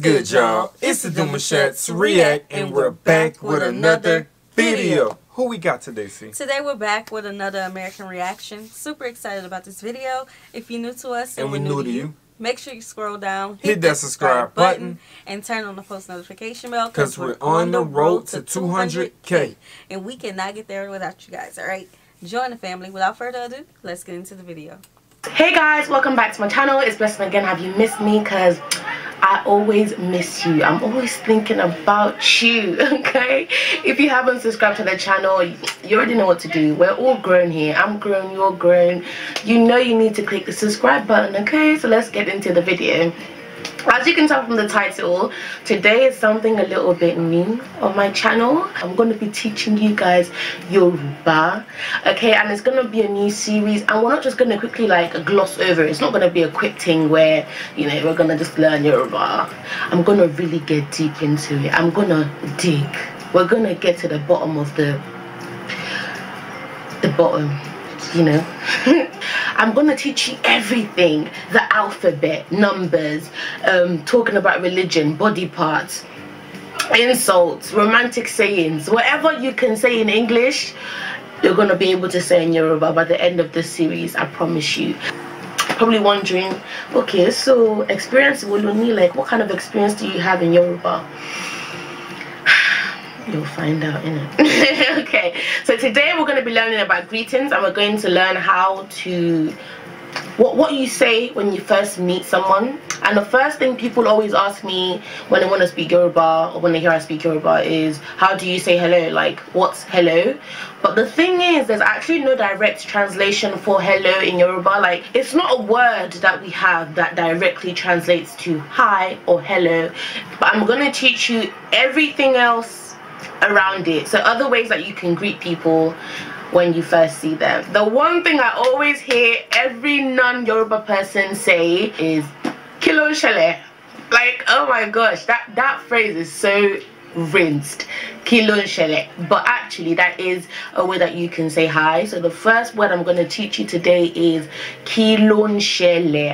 good, y'all? It's the Duma Shots React, and we're back with another video. Who we got today, C? Today we're back with another American Reaction. Super excited about this video. If you're new to us and, and we're new, to you, you, make sure you scroll down, hit, hit that subscribe button, button, and turn on the post notification bell because we're, we're on the road to 200K. And we cannot get there without you guys, all right? Join the family. Without further ado, let's get into the video. Hey guys, welcome back to my channel. It's Blessing again. Have you missed me? Because I always miss you. I'm always thinking about you, okay? If you haven't subscribed to the channel, you already know what to do. We're all grown here. I'm grown, you're grown. You know you need to click the subscribe button, okay? So let's get into the video as you can tell from the title today is something a little bit new on my channel i'm going to be teaching you guys yoruba okay and it's going to be a new series and we're not just going to quickly like gloss over it's not going to be a quick thing where you know we're going to just learn yoruba i'm going to really get deep into it i'm going to dig we're going to get to the bottom of the the bottom you know I'm going to teach you everything the alphabet, numbers, um, talking about religion, body parts, insults, romantic sayings, whatever you can say in English, you're going to be able to say in Yoruba by the end of this series, I promise you. Probably wondering, okay, so experience Woluni, like what kind of experience do you have in Yoruba? You'll find out in it. okay, so today we're going to be learning about greetings and we're going to learn how to what what you say when you first meet someone and the first thing people always ask me when they want to speak Yoruba or when they hear I speak Yoruba is how do you say hello like what's hello but the thing is there's actually no direct translation for hello in Yoruba like it's not a word that we have that directly translates to hi or hello but I'm gonna teach you everything else around it so other ways that you can greet people when you first see them the one thing i always hear every non-yoruba person say is kilo shele like oh my gosh that that phrase is so rinsed kilon but actually that is a way that you can say hi so the first word i'm going to teach you today is kilon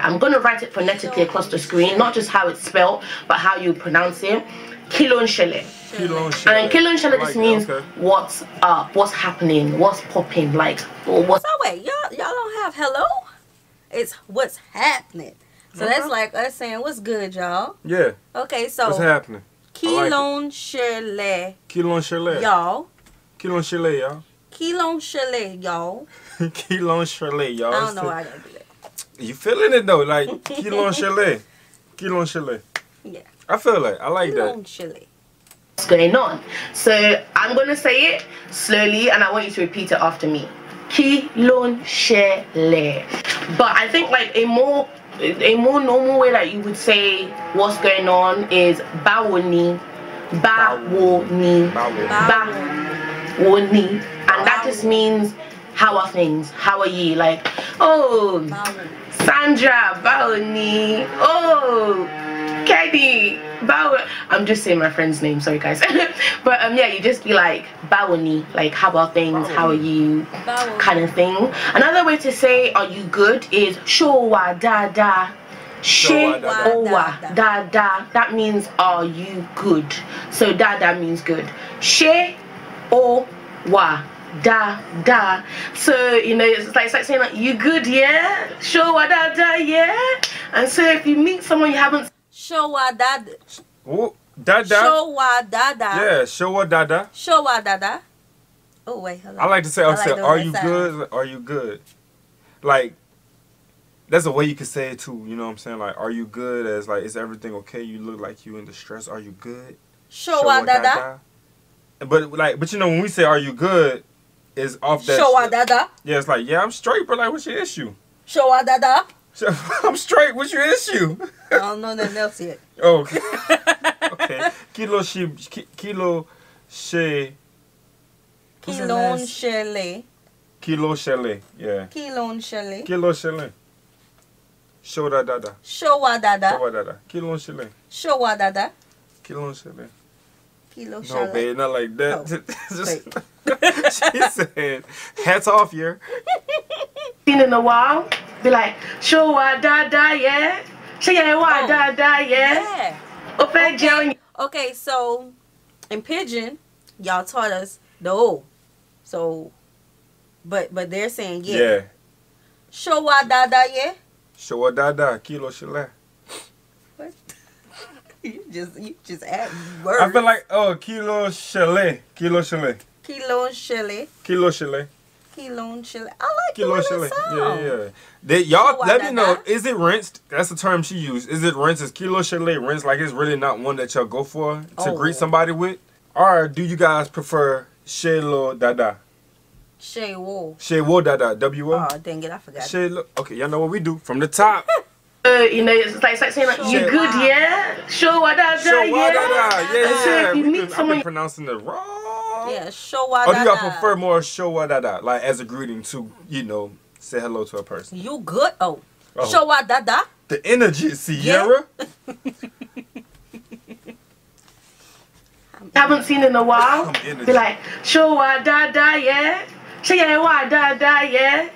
i'm going to write it phonetically across the screen not just how it's spelled but how you pronounce it kilon shele and kilon shele just means okay. what's up what's happening what's popping like what's so wait y'all y'all don't have hello it's what's happening so that's uh-huh. like us saying what's good y'all yeah okay so what's happening Kilong Shirley. Keelong Shirley. Y'all. Kilong Shirley, y'all. Kilong Shirley, y'all. Kilong Shirley, y'all. I don't know why I do that. You feeling it though, like kilong Shirley. kilong Shirley. Yeah. I feel like I like that. that. Shirley. What's going on? So I'm gonna say it slowly, and I want you to repeat it after me. Kilong Shirley. But I think like a more a more normal way that you would say what's going on is "Bawoni, ni Bawoni," ni ni and that just means how are things how are you like oh Sandra Bawoni, ni oh Kenny Bow I'm just saying my friend's name sorry guys but um yeah you just be like Bawani like how about things how are you kind of thing another way to say are you good is Showa da da she owa da da that means are you good so da da means good she da da so you know it's like, it's like saying like, you good yeah Showa da da yeah and so if you meet someone you haven't Showa Showadada. Oh, dada. Showa dada. Yeah, showa dada. Showa dada. Oh wait, hold on. I like to say, I like say are you good? Are you good? Like, that's a way you could say it too. You know what I'm saying? Like, are you good? As like, is everything okay? You look like you in distress. Are you good? Showa dada. But like, but you know when we say, are you good? Is off that. Showa dada. Yeah, it's like yeah, I'm straight, but like, what's your issue? Showa dada. So, I'm straight. What's your issue? I don't know nothing else yet. Oh, okay. okay. Kilo she kilo she. Kilon Kilo Shelley, yeah. kilo Shelley. Kilo Shelley. Showa dada. Showa dada. Showa dada. Kilon Shelley. Showa dada. Kilon Shelley. Kilo Shelley. No, babe, not like that. Just. Oh, she said, hats off here. Been in a while be like ṣó wà da yeah, ṣé yẹ wà oh, da da yeah. fẹ́ jẹun. okay so in pigeon, y'all taught us the o so but but they're saying yeah. yeah. da wà yeah. Showa da wà kilo kí ló You just you just add words. I feel like oh kilo chalet, kilo chalet, kilo chalet, kilo chalet. Quilon Chile. I like Quilon chili. Chile. Yeah, yeah. They, y'all, Chihuahua let me know. Is it rinsed? That's the term she used. Is it rinsed? Is Quilon Chile rinsed? Like it's really not one that y'all go for to oh. greet somebody with? Or do you guys prefer Shelo Dada? Shay Wo. Shay Wo Dada. W O. Oh, dang it, I forgot. Shay Lo. Okay, y'all know what we do. From the top. Uh, you know, it's like, it's like saying like, you good, yeah? Sure, what da, da, yeah? Sure, what da, da, yeah, yeah. yeah. If you meet I've been pronouncing it wrong. Yeah, Yeah, showadada. Or do y'all prefer more showadada, like as a greeting to you know say hello to a person? You good? Oh, oh. showadada. The energy, Sierra. Yeah. haven't seen in a while. Be like, show wa da da yeah, show ya da da yeah,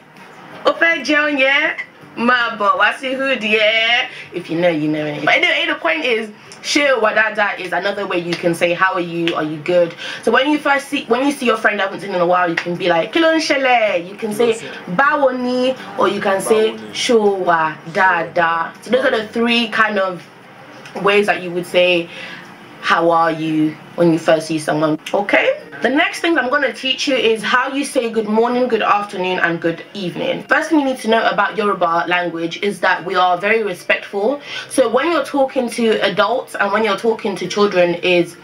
open John yeah, my boy, what's your hood yeah. If you know, you know. But anyway, the point is. Shio wadada is another way you can say how are you, are you good. So when you first see when you see your friend I haven't seen in a while, you can be like Kilon Shele, you can say Bawo or you can say Shio wadada. So those are the three kind of ways that you would say how are you when you first see someone. Okay? The next thing I'm going to teach you is how you say good morning, good afternoon and good evening. First thing you need to know about Yoruba language is that we are very respectful. So when you're talking to adults and when you're talking to children is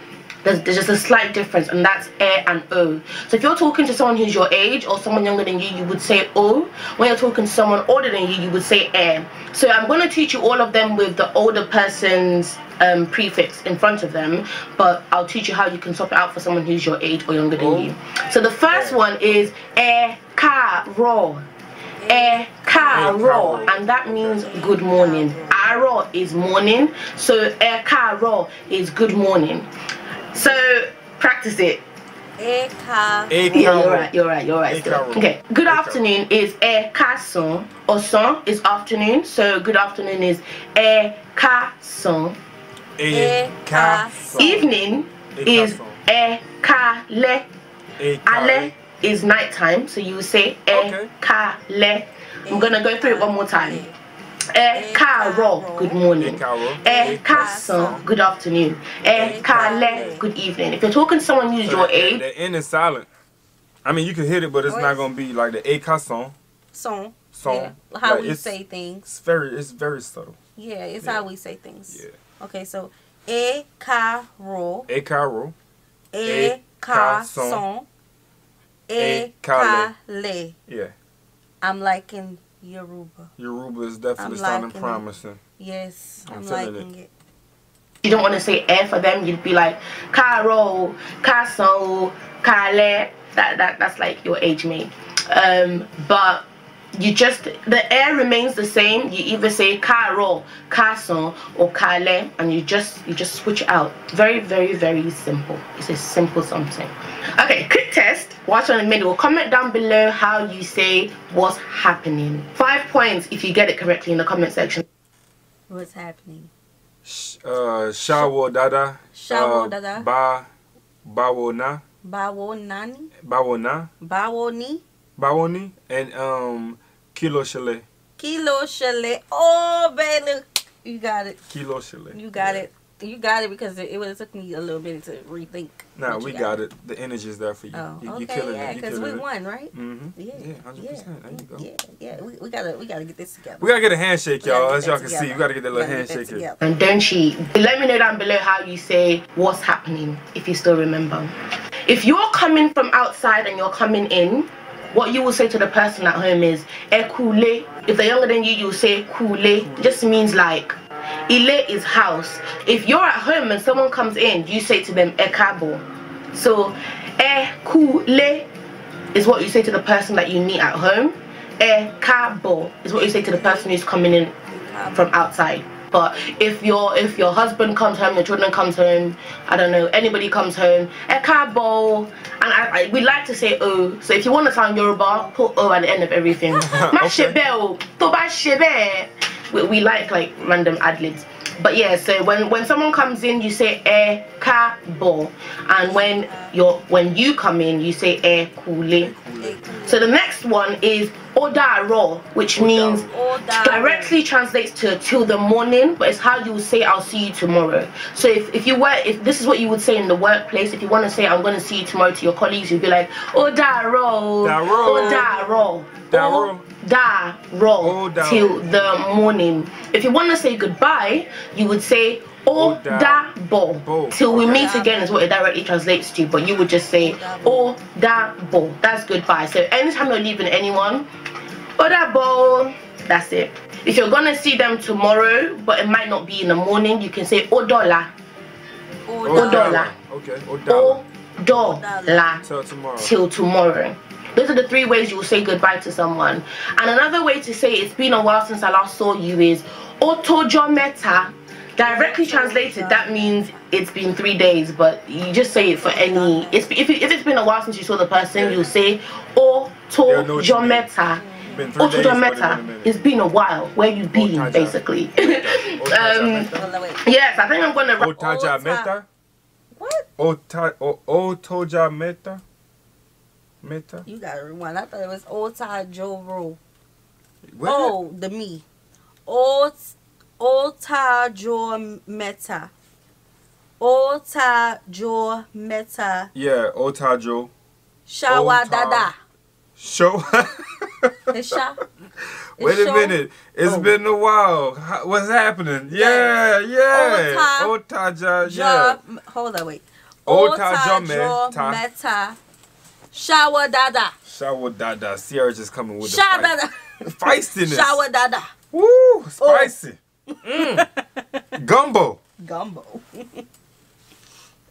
there's, there's just a slight difference and that's e and o. So if you're talking to someone who's your age or someone younger than you, you would say o. When you're talking to someone older than you, you would say e. So I'm going to teach you all of them with the older person's um, prefix in front of them, but I'll teach you how you can swap it out for someone who's your age or younger than oh. you. So the first one is e ka ro. E ka ro, and that means good morning. Aro is morning, so e ka ro is good morning. So practice it. Eka. Eka. Yeah, you're right, you're right, you're right. Still. Okay. Good Eka. afternoon is son Oson is afternoon, so good afternoon is Ekason. Ekason. Evening is le. Ekale. Ale is nighttime, so you say le. Okay. I'm gonna go through it one more time. Ẹ eh, káàárọ̀, good morning. Ẹ káàsán, eh, good afternoon. Ẹ eh, káalẹ́, good evening. If you're talking to someone who's so your age, the N is silent. I mean, you can hit it, but it's not gonna be like the Ẹ káàsán. Song. Song. Yeah. How like we say things. It's very, it's very subtle. Yeah, it's yeah. how we say things. Yeah. Okay, so Ẹ káàárọ̀. Ẹ káàárọ̀. Ẹ káàsán. Ẹ káalẹ́. Yeah. I'm liking Yoruba. Yoruba is definitely sounding promising. Yes, I'm, I'm liking it. it. You don't want to say F for them. You'd be like Cairo, Castle, Kale. That that that's like your age mate. Um, but you just the air remains the same you either say caro caso or kale and you just you just switch out very very very simple it's a simple something okay quick test watch on the middle comment down below how you say what's happening five points if you get it correctly in the comment section what's happening uh shawo dada shawo uh, dada ba bawona bawonani bawona bawoni Bawoni and um Kilo chalet. Kilo chalet. Oh, baby, you got it. Kilo chalet. You got yeah. it. You got it because it, would have took me a little bit to rethink. Nah, we got, got it. The energy is there for you. Oh, you, okay, you killing yeah, because we it. won, right? Mm-hmm. Yeah, yeah, hundred yeah, There you go. Yeah, yeah. We, we, gotta we gotta get this together. We gotta get a handshake, y'all. As y'all can together. see, we gotta get that little handshake. and then she let me know down below how you say what's happening if you still remember. If you're coming from outside and you're coming in, what you will say to the person at home is ekule. Eh, if they're younger than you, you'll say kule. just means like ile is house. If you're at home and someone comes in, you say to them ekabo. Eh, so ekule eh, is what you say to the person that you meet at home. Ekabo is what you say to the person who's coming in from outside. But if your if your husband comes home, your children comes home, I don't know, anybody comes home, a cabo, and I, I, we like to say oh. So if you want to sound Yoruba, put o oh at the end of everything. okay. We, we like like random ad libs but yeah so when when someone comes in you say e ka bo and when you when you come in you say e kule so the next one is odaro which means directly translates to till the morning but it's how you say i'll see you tomorrow so if, if you were if this is what you would say in the workplace if you want to say i'm going to see you tomorrow to your colleagues you'd be like odaro odaro odaro da ro till the morning. If you want to say goodbye, you would say o da bo till we meet again is what it directly translates to. But you would just say o da bo. That's goodbye. So anytime you're leaving anyone, o da bo. That's it. If you're gonna see them tomorrow, but it might not be in the morning, you can say o oh, dola. O oh, dola. Oh, okay. O dola. Till tomorrow. Till tomorrow those are the three ways you will say goodbye to someone and another way to say it's been a while since i last saw you is otojo directly translated that means it's been three days but you just say it for any it's, if, it, has been a while since you saw the person you'll say otojo meta it's been a while where you been basically um, yes i think i'm gonna Otaja meta what Ota, o, Otoja meta Meta. You gotta rewind. I thought it was Old time Joe Rowe. Oh, the me. Old Old Joe Meta. Old Joe Meta. Yeah, Old Joe. Shawa Dada. Show. it's Sha. Wait a minute. It's oh. been a while. what's happening? Yeah, yeah. Otaja. Yeah. Hold on, wait. Otaja Meta. Shower Dada. Shower Dada. Sierra just coming with Shower the Dada. feistiness. Shower Dada. Woo, oh. spicy. Oh. Mm. Gumbo. Gumbo. You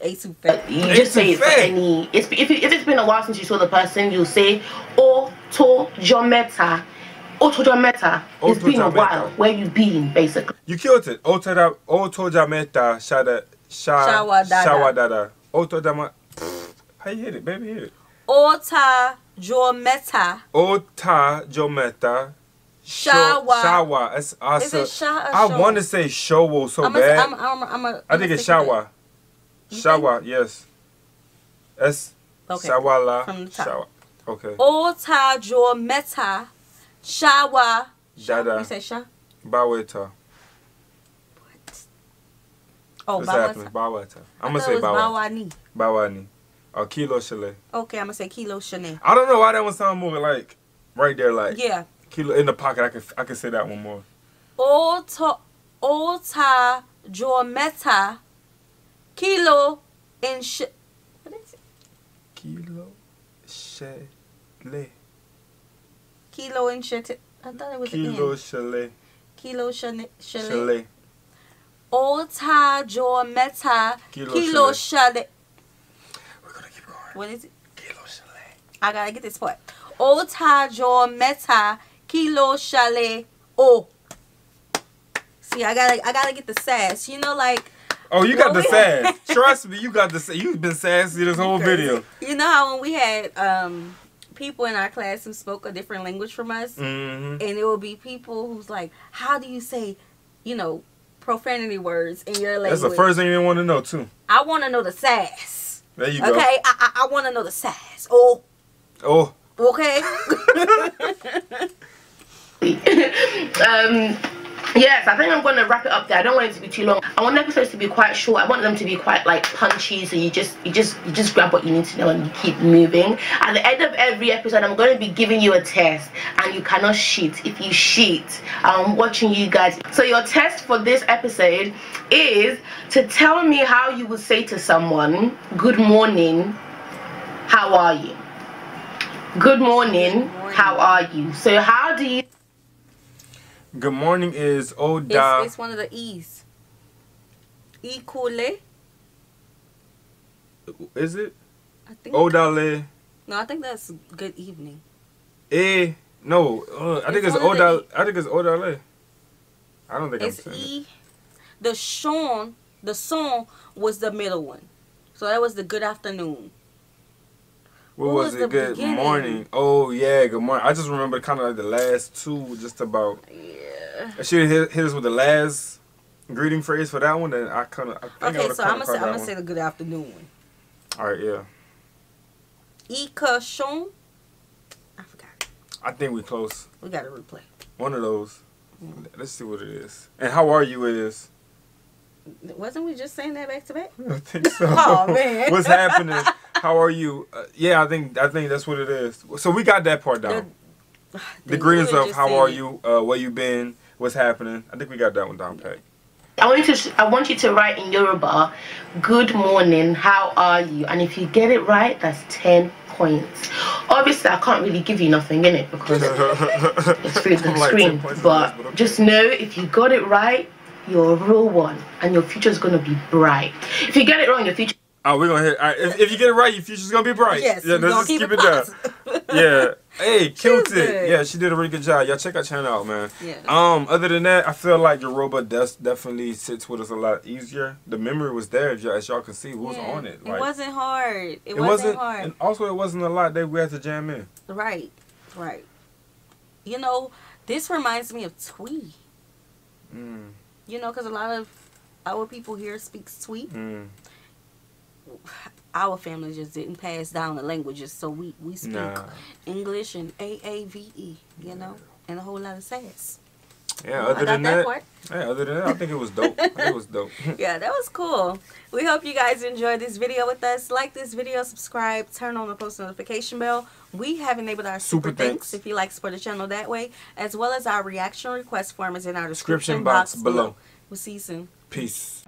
just say it for any. if, it, if it's been a while since you saw the person, you say otojometa. Otojometa. Oto it's been a while. Where you been, basically? You killed it. Otojometa shada, shada, shawadada. Shawadada. Otojama. How you hit it, baby? Hit it. Ota Jometa. Ota Jometa. Shawa. Shawa. That's awesome. Uh, I want to say Showo so I'm bad. A, I'm, I'm, I'm a, I think it's Shawa. Shawa, yes. S okay. Shawala. Shawa. Okay. Ota Jometa. Shawa. Dada. You say Sha? Baweta. Oh, What's Bawata. Bawata. I'm going to say Bawata. Bawani. Bawani. Oh, Kilo Chalet. Okay, I'm gonna say Kilo Chalet. I don't know why that one sounds more like right there, like yeah, Kilo in the pocket. I can I can say that one more. Ota Ota Jormeta Kilo and sh what is it? Kilo Chalet. Kilo and Chalet. I thought it was Kilo an Chalet. Kilo Chalet. Chalet. Ota Jormeta Kilo, Kilo chalet. What is it? Kilo Chalet. I gotta get this part. Ota Jor Meta Kilo Chalet O. Oh. See, I gotta, I gotta get the sass. You know, like. Oh, you got the sass. Trust me, you got the. sass. You've been sassy this whole video. You know how when we had um people in our class who spoke a different language from us, mm -hmm. and it will be people who's like, "How do you say, you know, profanity words in your language?" That's the first thing they want to know too. I want to know the sass. There you okay? go. Okay, I, I, I want to know the size. Oh. Oh. Okay. um yes i think i'm gonna wrap it up there i don't want it to be too long i want episodes to be quite short i want them to be quite like punchy so you just you just you just grab what you need to know and you keep moving at the end of every episode i'm going to be giving you a test and you cannot cheat if you cheat i'm watching you guys so your test for this episode is to tell me how you would say to someone good morning how are you good morning, good morning. how are you so how do you Good morning is Oda. It's, it's one of the E's. Ikule. Is it? I think. Odale. No, I think that's good evening. Eh. No, uh, I, think it's Oda. I think it's Odale. I don't think it's I'm saying E. It. The Sean, the song was the middle one. So that was the good afternoon what, was, was it? Good beginning? morning. Oh yeah, good morning. I just remember kind of like the last two, just about. Yeah. She hit, hit us with the last greeting phrase for that one, and I kind of. Okay, I so I'm gonna say I'm gonna say the good afternoon one. All right, yeah. Ika Shon. I forgot. I think we close. We got to replay. One of those. Mm. Let's see what it is. And how are you? It is. Wasn't we just saying that back to back? I think so. oh man. What's happening? How are you? Uh, yeah, I think I think that's what it is. So we got that part down. The, the greetings of how are you, uh, where you been, what's happening. I think we got that one down pat. I want you to I want you to write in Yoruba, good morning, how are you? And if you get it right, that's ten points. Obviously, I can't really give you nothing in it because it's through the like screen. But, but okay. just know if you got it right, you're a real one, and your future's gonna be bright. If you get it wrong, your future. Oh, we're gonna hit. Right. If, if, you get it right, your future's gonna be bright. Yes, yeah, let's just keep, keep it, up. down. yeah. Hey, killed it. Yeah, she did a really good job. Y'all check our channel out, man. Yeah. Um, other than that, I feel like Yoruba does definitely sits with us a lot easier. The memory was there, as y'all can see. Who was on it? Like, it wasn't hard. It, it wasn't, wasn't, hard. And also, it wasn't a lot that we had to jam in. Right. Right. You know, this reminds me of Twee. Mm. You know, because a lot of our people here speak Twee. Mm our family just didn't pass down the languages, so we we speak nah. English and AAVE, you yeah. know, and a whole lot of sass. Yeah, other than that, that yeah, other than that, I think it was dope. it was dope. yeah, that was cool. We hope you guys enjoyed this video with us. Like this video, subscribe, turn on the post notification bell. We have enabled our super, super thanks. if you like support the channel that way, as well as our reaction request form is in our description, description box, box below. below. We'll see you soon. Peace.